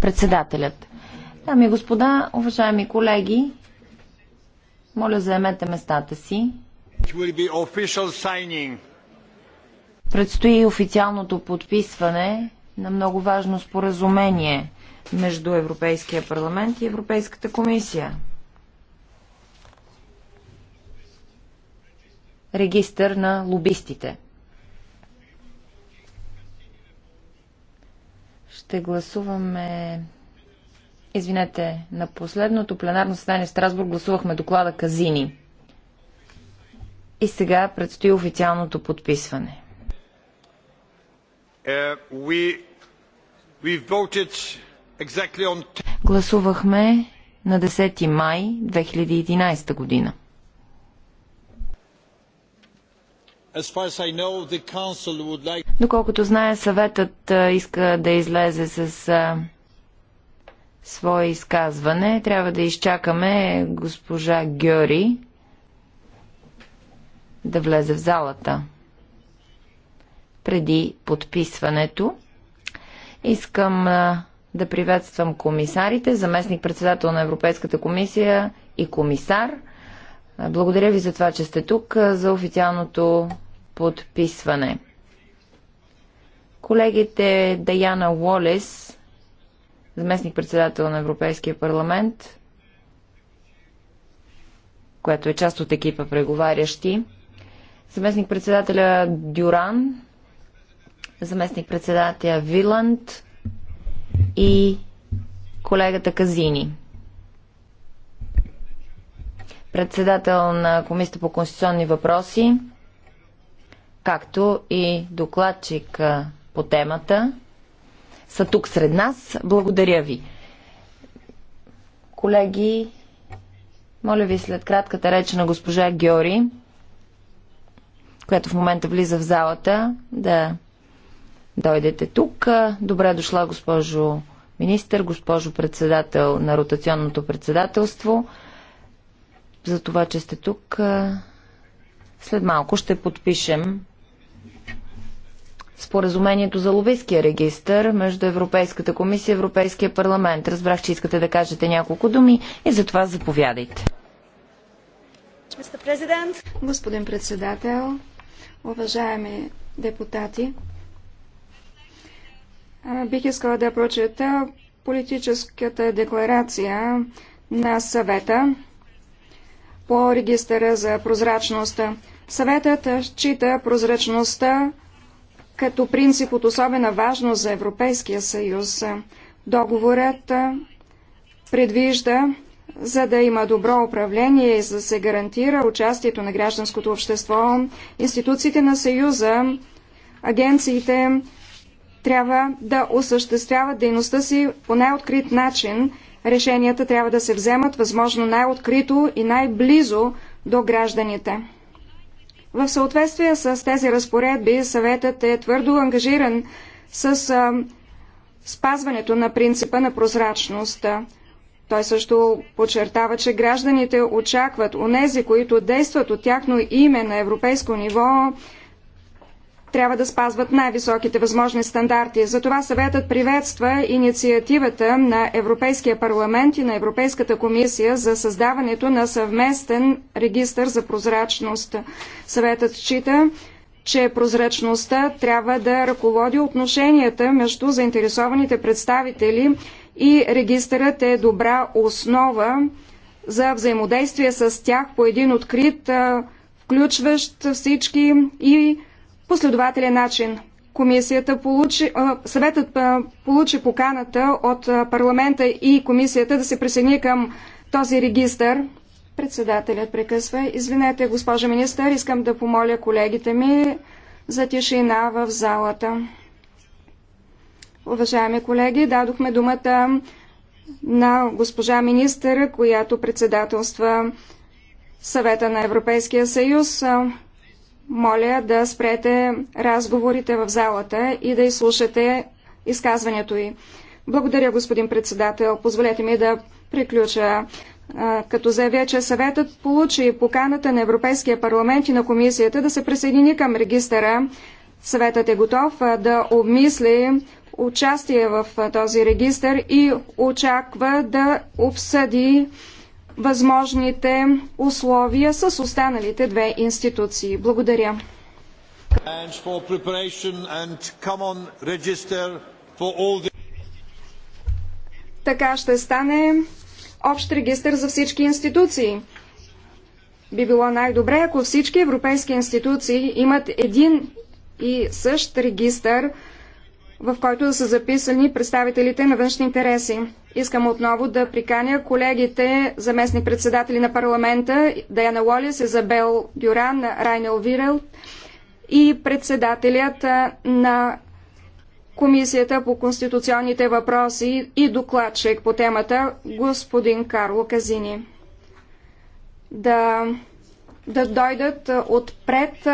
Председателят. Дами и господа, уважаеми колеги, моля заемете местата си. Предстои официалното подписване на много важно споразумение между Европейския парламент и Европейската комисия. Регистър на лобистите. ще гласуваме... Извинете, на последното пленарно състояние в Страсбург гласувахме доклада Казини. И сега предстои официалното подписване. Uh, we... Exactly on... Гласувахме на 10 май 2011 година. Доколкото знае, съветът иска да излезе с свое изказване. Трябва да изчакаме госпожа Гьори да влезе в залата преди подписването. Искам да приветствам комисарите, заместник-председател на Европейската комисия и комисар – благодаря ви за това, че сте тук за официалното подписване. Колегите Даяна Уолес, заместник-председател на Европейския парламент, която е част от екипа преговарящи, заместник-председателя Дюран, заместник-председателя Виланд и колегата Казини председател на Комисията по конституционни въпроси, както и докладчик по темата, са тук сред нас. Благодаря ви. Колеги, моля ви след кратката реч на госпожа Георги, която в момента влиза в залата, да дойдете тук. Добре дошла, госпожо министър, госпожо председател на ротационното председателство за това, че сте тук. След малко ще подпишем споразумението за ловиския регистр между Европейската комисия и Европейския парламент. Разбрах, че искате да кажете няколко думи и затова заповядайте. Господин председател, уважаеми депутати, бих искала да прочета политическата декларация на съвета по регистъра за прозрачността. Съветът счита прозрачността като принцип от особена важност за Европейския съюз. Договорът предвижда, за да има добро управление и за да се гарантира участието на гражданското общество, институциите на Съюза, агенциите трябва да осъществяват дейността си по най-открит начин решенията трябва да се вземат възможно най-открито и най-близо до гражданите. В съответствие с тези разпоредби, съветът е твърдо ангажиран с а, спазването на принципа на прозрачност. Той също подчертава, че гражданите очакват онези, които действат от тяхно име на европейско ниво, трябва да спазват най-високите възможни стандарти. Затова съветът приветства инициативата на Европейския парламент и на Европейската комисия за създаването на съвместен регистр за прозрачност. Съветът счита, че прозрачността трябва да ръководи отношенията между заинтересованите представители и регистърът е добра основа за взаимодействие с тях по един открит, включващ всички и последователен начин. Комисията получи, съветът получи поканата от парламента и комисията да се присъедини към този регистър. Председателят прекъсва. Извинете, госпожа министър, искам да помоля колегите ми за тишина в залата. Уважаеми колеги, дадохме думата на госпожа министър, която председателства съвета на Европейския съюз моля да спрете разговорите в залата и да изслушате изказването й. Благодаря, господин председател. Позволете ми да приключа като заявя, че съветът получи поканата на Европейския парламент и на комисията да се присъедини към регистъра. Съветът е готов да обмисли участие в този регистър и очаква да обсъди възможните условия с останалите две институции. Благодаря. The... Така ще стане общ регистр за всички институции. Би било най-добре, ако всички европейски институции имат един и същ регистр в който да са записани представителите на външни интереси. Искам отново да приканя колегите заместни председатели на парламента Даяна Лолис, Изабел Дюран, Райнел Вирел и председателят на Комисията по конституционните въпроси и докладчик по темата господин Карло Казини. Да, да дойдат отпред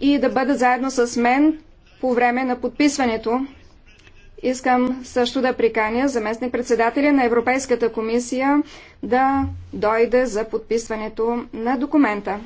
и да бъдат заедно с мен по време на подписването. Искам също да приканя заместник председателя на Европейската комисия да дойде за подписването на документа.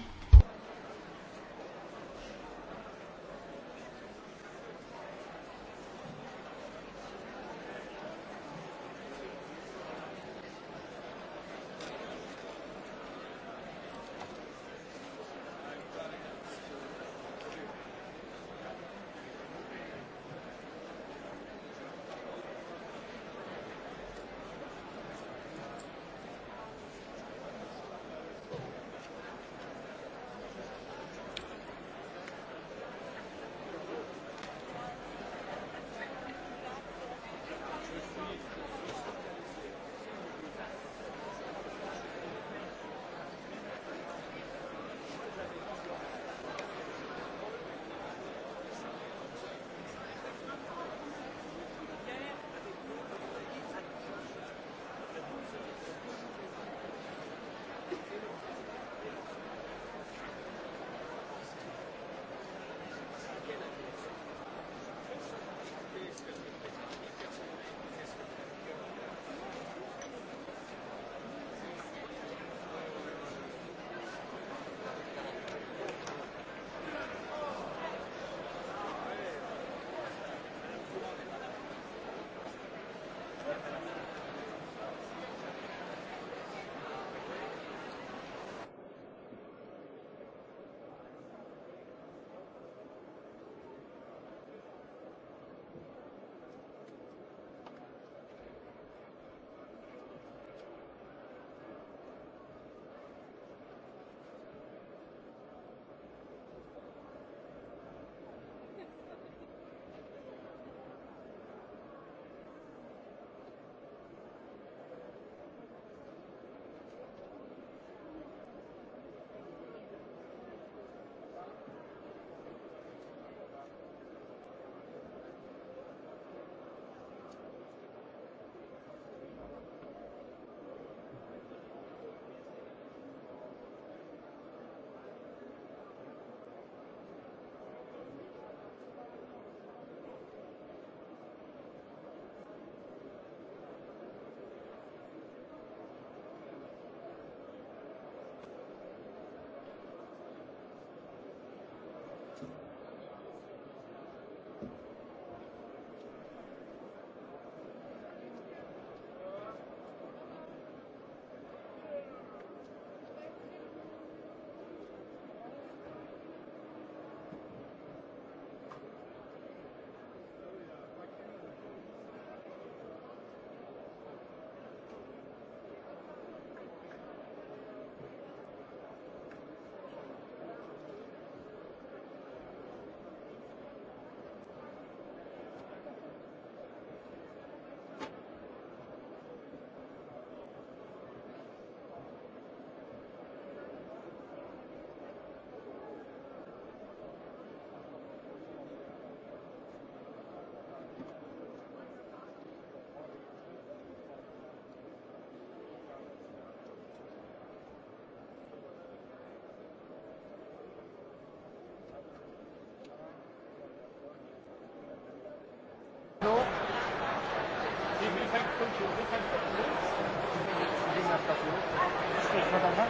Madame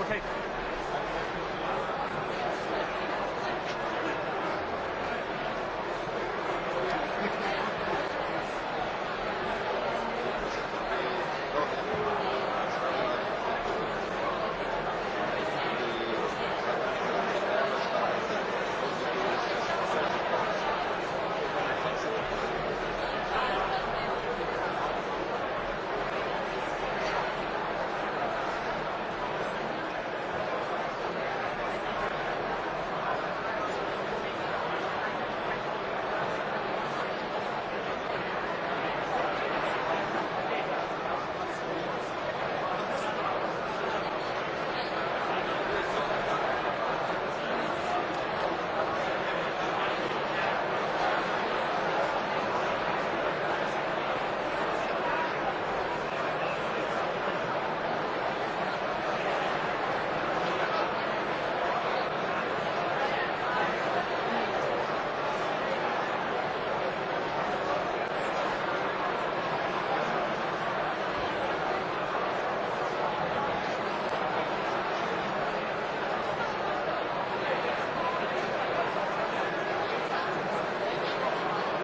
okay.